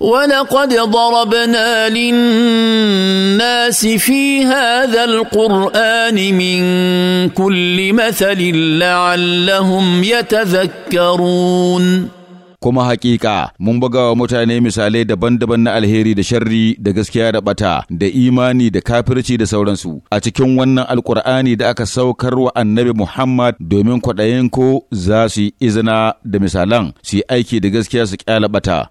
ولقد ضربنا للناس في هذا القران من كل مثل لعلهم يتذكرون kuma hakika mun buga wa mutane misalai daban-daban na alheri da sharri da gaskiya da bata da imani da kafirci da sauransu a cikin wannan alkur'ani da aka saukar wa annabi muhammad domin kwaɗayin ko za su yi izina da misalan su yi aiki da gaskiya su kyala bata